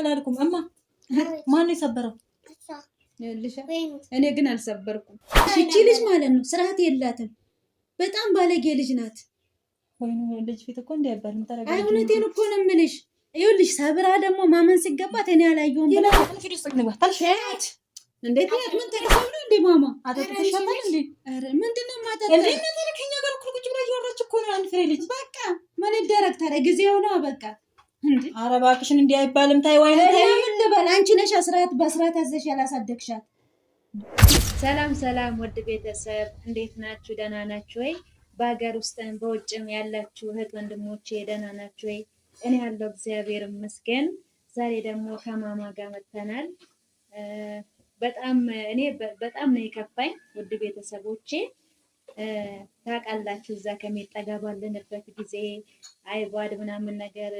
አላልኩም። እማ ማነው የሰበረው? እኔ ግን አልሰበርኩም። ይቺ ልጅ ማለት ነው ስርዓት የላትም። በጣም ባለጌ ልጅ ናት። ልጅ ፊት እኮ እንዳይባልም ተረጋግጥ። እውነቴን እኮ ነው የምልሽ። ይኸውልሽ ሰብራ ደግሞ ማመን ሲገባት እኔ አላየሁም። እንዴት ምን ተደሰብ ነው እንዴ? ማማ አጠጥተሻታል እንዴ? አረ ምንድን ነው ማጠጥ እንዴ? ምን ተረከኛ ጋር ኩልኩጭ ብላ እያወራች እኮ ነው። አንድ ፍሬ ልጅ በቃ ምን ይደረግ ታዲያ? ጊዜው ነው በቃ ኧረ እባክሽን እንዲህ አይባልም። ታይ ወይ ምን ልበል? አንቺ ነሽ አስራት በአስራት አዘሽ ያላሳደግሻት። ሰላም ሰላም፣ ወድ ቤተሰብ እንዴት ናችሁ? ደህና ናችሁ ወይ? በሀገር ውስጥም በውጭም ያላችሁ እህት ወንድሞቼ ደህና ናችሁ ወይ? እኔ ያለው እግዚአብሔር ይመስገን። ዛሬ ደግሞ ከማማ ጋር መጥተናል። በጣም እኔ በጣም ነው የከፋኝ ውድ ቤተሰቦቼ ታውቃላችሁ እዛ ከሜጣ ጋር ባለንበት ጊዜ አይባድ ምናምን ነገር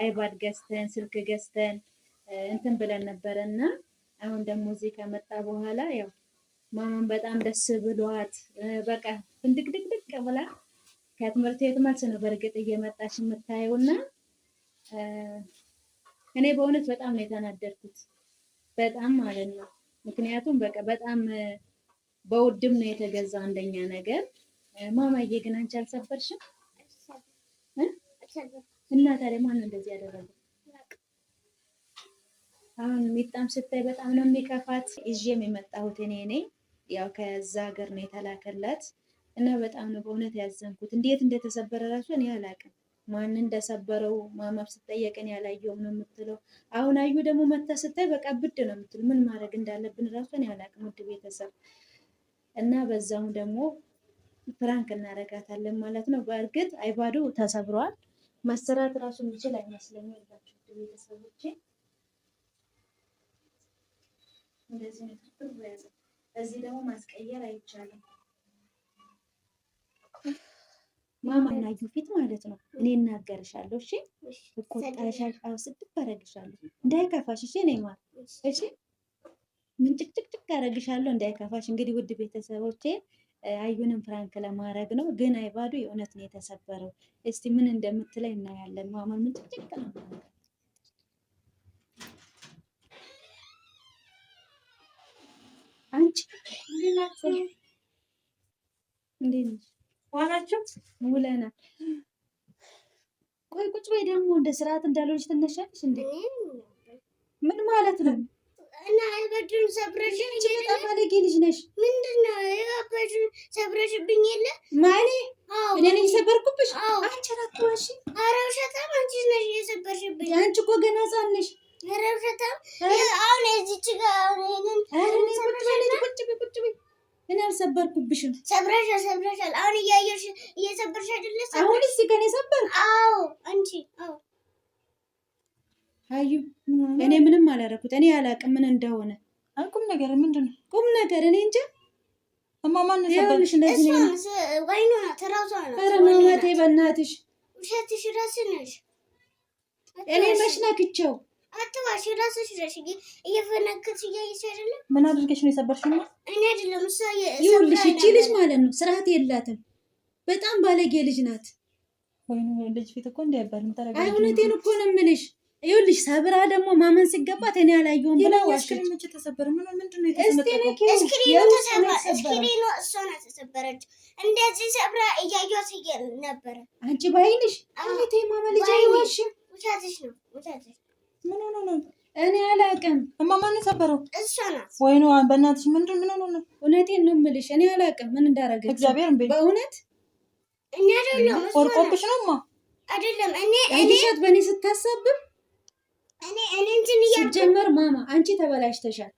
አይባድ ገዝተን ስልክ ገዝተን እንትን ብለን ነበረ እና አሁን ደግሞ እዚህ ከመጣ በኋላ ያው ማማን በጣም ደስ ብሏት በቃ ፍንድቅድቅድቅ ብላ ከትምህርት ቤት መልስ ነው በእርግጥ እየመጣች የምታየው እና እኔ በእውነት በጣም ነው የተናደድኩት። በጣም ማለት ነው ምክንያቱም በቃ በጣም በውድም ነው የተገዛ አንደኛ ነገር። ማማዬ ግን አንቺ አልሰበርሽም እና ታዲያ ማነው እንደዚህ ያደረገ? አሁን ሚጣም ስታይ በጣም ነው የሚከፋት። ይዤም የመጣሁት እኔ ነኝ። ያው ከዛ ሀገር ነው የተላከላት እና በጣም ነው በእውነት ያዘንኩት። እንዴት እንደተሰበረ ራሱ እኔ አላውቅም። ማን እንደሰበረው ማማብ ስጠየቅን ያላየውም ነው የምትለው። አሁን አዩ ደግሞ መታ ስታይ በቃ ብድ ነው የምትል። ምን ማድረግ እንዳለብን ራሱ እኔ አላውቅም። ውድ ቤተሰብ እና በዛውም ደግሞ ፕራንክ እናረጋታለን ማለት ነው። በእርግጥ አይባዶ ተሰብሯል። መሰራት ራሱ የሚችል አይመስለኝ ሁላችሁ ቤተሰቦች እንደዚህ እዚህ ደግሞ ማስቀየር አይቻልም። ማማና ዩ ፊት ማለት ነው። እኔ እናገርሻለሁ፣ እሺ? እቆጣሻለሁ፣ ስድብ አደርግሻለሁ። እንዳይከፋሽ፣ እሺ? እኔ ማለት እሺ ምን ጭቅጭቅጭቅ ያደረግሻለሁ እንዳይከፋሽ። እንግዲህ ውድ ቤተሰቦቼ አዩንም ፍራንክ ለማድረግ ነው፣ ግን አይባዱ የእውነት ነው የተሰበረው። እስቲ ምን እንደምትለኝ እናያለን። ማማ ምን ጭቅጭቅ ነው አንቺ ዋላችሁ ውለና ቆይ ቁጭ በይ ደግሞ እንደ ስርዓት እንዳለች ትነሻለች እንዴ? ምን ማለት ነው? እና በዱን ሰብረሽ ጠፋለጌ ልጅ ነሽ። ምንድን ነው በዱን ሰብረሽብኝ የለ ማኔ እኔ የሰበርኩብሽ። አንቺ አራትዋሽ አረብሸታም አንቺ ነሽ የሰበርሽብኝ። አንቺ እኮ ገና ሕፃን ነሽ። አረብሸታም አሁን የዚች እኔ አልሰበርኩብሽም። ሰብረሻል ሰብረሻል። አሁን እያየሽ እየሰበርሽ አይደለ? አሁን እዚህ ጋር ነው አንቺ አዎ አዩ እኔ ምንም አላደረኩት። እኔ አላውቅም ምን እንደሆነ። ቁም ነገር ምንድን ነው? ቁም ነገር እኔ እንጃ። እማማን ኧረ በእናትሽ ውሸትሽ እራስሽ ነሽ። እኔ መሽናክቸው እራስሽ ነሽ። እየፈነከትሽ እያየሽ አይደለም። ምን አድርገሽ ነው የሰበርሽው? እኔ አይደለም እሷ ይኸውልሽ፣ እቺ ልጅ ማለት ነው ስርዓት የላትም። በጣም ባለጌ ልጅ ናት። ወይ ልጅ ፊት እኮ እንዲህ እውነቴን እኮ ነው የምልሽ ይኸውልሽ ሰብራ ደግሞ ማመን ሲገባት እኔ ያላየሁም ብላ ዋሸች። እስክሪኑ እሷ ናት ተሰበረች። እንደዚህ ሰብራ እያየኋት ነበረ። አንቺ ባይንሽ እማማ ልጅ አይዋሽም። ውሻትሽ ነው ውሻትሽ። ምን ሆኖ ነው? እኔ አላውቅም። እማማ ነው የሰበረው። እሷ ናት ወይ ነው? በእናትሽ ምንድን ምን ሆኖ ነው? እውነቴን ነው የምልሽ። እኔ አላውቅም ምን እንዳደረገች። እግዚአብሔር በእውነት እኔ አይደለም ቆርቆብሽ ነው ማ አይደለም እኔ አይተሻት በእኔ ስታሳብም ሲጀመር ማማ አንቺ ተበላሽተሻል።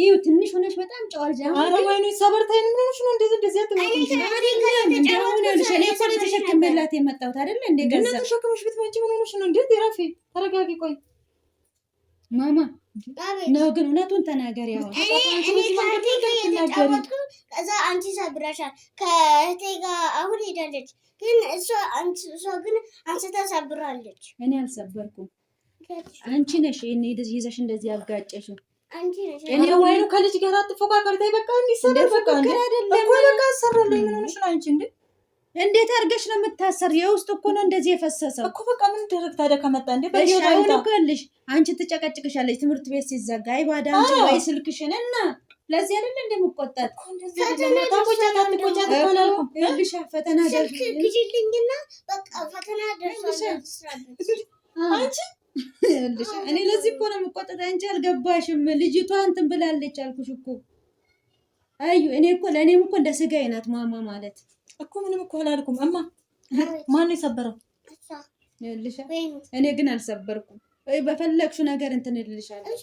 ይህ ትንሽ ሆነሽ በጣም ጨዋል ጃአረባይኖ ሰበርታይ ምንሽ ነው እንደዚህ እንደዚህ አትመጣሁን ተሸክሜላት የመጣሁት አይደለ እንደ ገንዘብ ተሸክምሽ ብትመጪ ምን ሆነሽ ነው? እንዴት የራፌ ተረጋጊ። ቆይ ማማ ነው ግን እውነቱን ተናገሪ። ያው ከዛ አንቺ ሰብረሻል። ከእህቴ ጋር አሁን ሄዳለች፣ ግን እሷ ግን አንስታ ሰብራለች። እኔ አልሰበርኩም አንቺ ነሽ ይሄን ይዘሽ እንደዚህ ያጋጨሽ እኔ ወይ ነው ከልጅ ጋር አትፎካከሪ። ተይ በቃ እንዲሰደር በቃ እንዴ እኮ በቃ አሰራለሁ። ምን ሆነሽ ነው አንቺ እንዴ? እንዴት አድርገሽ ነው የምታሰር? የውስጥ እኮ ነው እንደዚህ የፈሰሰው እኮ በቃ ምን ደረግ ታዲያ ከመጣ እንዴ ከልሽ አንቺ ትጨቀጭቅሻለች። ትምህርት ቤት ሲዘጋ ይባዳ አንቺ ወይ ስልክሽን እና ለዚህ አይደል እንደምቆጣት ፈተና ደርሽ ልጅልኝና በቃ ፈተና ደርሽ አንቺ እኔ ለዚህ እኮ ነው የምቆጠጠ እንጂ አልገባሽም። ልጅቷ እንትን ብላለች አልኩሽ እኮ አዩ። እኔ እኮ ለእኔም እኮ እንደ ስጋ ናት ማማ ማለት እኮ ምንም እኮ አላልኩም። እማ ማን ነው የሰበረው? እኔ ግን አልሰበርኩም። በፈለግሹ ነገር እንትን እልልሻለሁ።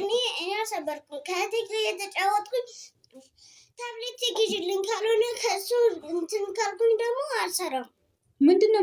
እኔ ታብሌት ካልሆነ እንትን ካልኩኝ አልሰራም። ምንድን ነው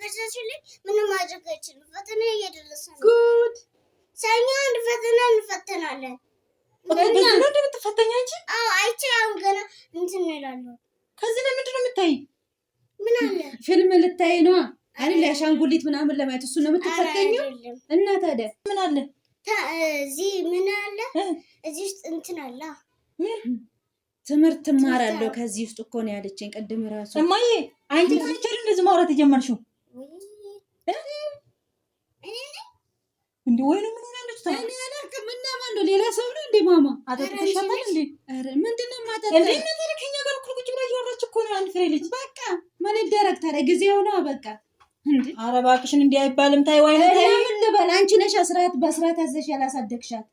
ካልተዘጋጃችሁልኝ ምንም ማድረግ አይችልም። ፈተና እየደረሰ ነው። ጉድ ሰኞ አንድ ፈተና እንፈተናለን። እንደምትፈተኛ አንቺ? አዎ አይቼ አሁን ገና እንትን እላለሁ። ከዚህ ለምንድን ነው የምታይ? ምን አለ ፊልም ልታይ አይደል? አሻንጉሊት ምናምን ለማየት እሱ ነው የምትፈተኘው። እና ታዲያ ምን አለ እዚህ? ምን አለ እዚህ ውስጥ እንትን አለ ትምህርት ትማራለሁ ከዚህ ውስጥ እኮ ነው ያለችኝ ቅድም ራሱ። እማዬ አንቺ እንደዚህ ማውራት የጀመርሽው እንዲ ወይኑ ምን ሆናለች? ሌላ ሰው ነው እንዴ? ማማ አጠጥተሻታል እንዴ? ምንድን ነው የማጠጣው? ከኛ ጋር እኩል ቁጭ ብላ እያወራች እኮ ነው። አንድ ፍሬ ልጅ በቃ ምን ይደረግ ታዲያ? ጊዜው ነው በቃ። አረ እባክሽን እንዲህ አይባልም። ታይ ወይ ምን ልበል? አንቺ ነሽ ስርዓት በስርዓት አዘሽ ያላሳደግሻት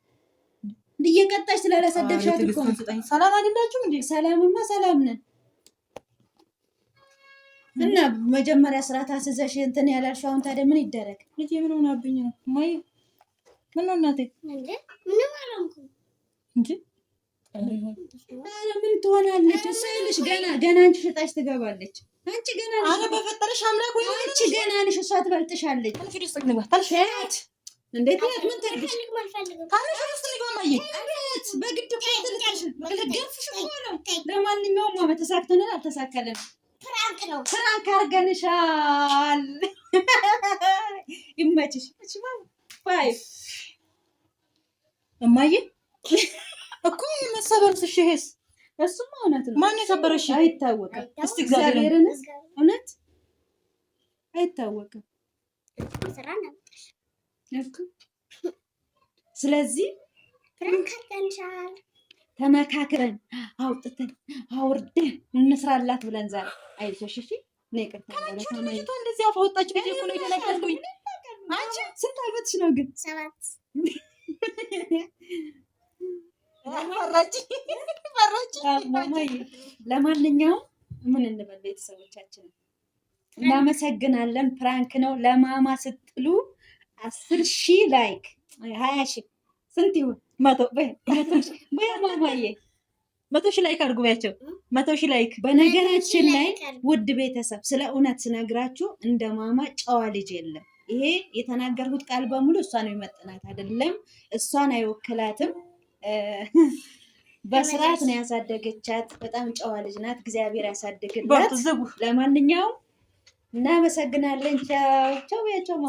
እየቀጣሽ ስላላሳደግሻት እኮ ሰላም አይደላችሁም እንዴ? ሰላምማ ሰላም ነን። እና መጀመሪያ ስርዓት አስዘሽ እንትን ያላልሽው አሁን ታዲያ ምን ይደረግ? ልጄ ምን ሆናብኝ ነው ማየ? ምን ነው እናቴ? ምን ትሆናለች? ስልሽ ገና ገና አንቺ ሽጣሽ ትገባለች። አንቺ ገና አረ በፈጠረሽ አምላክ ወይ አንቺ ገና ነሽ፣ እሷ ትበልጥሻለች። እንዴት ምን ታርግሽ? ታነሽ ውስጥ ንግባ ማየ በግድ ልትልሽ ለገርፍሽ ነው። ለማንኛውም ተሳክተናል አልተሳካልንም ፍራንክ ነው። ፍራንክ አድርገንሻል። ይመችሽ። ባይ እማዬ እኮ መሰበርስሽ ይሄስ እሱም እውነት ነው። ማን የሰበረሽ አይታወቅም። እስቲ እግዚአብሔርን እውነት አይታወቅም። ስለዚህ ፍራንክ አድርገንሻል። ተመካክረን አውጥተን አውርደን እንስራላት ብለን ዛሬ አይዞሽ፣ እሺ ነው ይቅርታ። ልጅቷ እንደዚህ አፋወጣች ብዬ ነው የተነገርኩኝ። አንቺ ስንት አልበትሽ ነው ግን? ሰባት ለማንኛውም ምን እንበል ቤተሰቦቻችን እናመሰግናለን። ፕራንክ ነው። ለማማ ስትሉ አስር ሺህ ላይክ ሀያ ሺህ ስንት ይሁን መቶ በማማዬ መቶ ሺህ ላይክ አድርጉባቸው። መቶ ላይክ። በነገራችን ላይ ውድ ቤተሰብ ስለ እውነት ስነግራችሁ እንደ ማማ ጨዋ ልጅ የለም። ይሄ የተናገርኩት ቃል በሙሉ እሷን የሚመጥናት አይደለም፣ እሷን አይወክላትም። በስርዓት ነው ያሳደገቻት። በጣም ጨዋ ልጅ ናት። እግዚአብሔር ያሳድግላት። ለማንኛውም እናመሰግናለን። ቻው ቻው።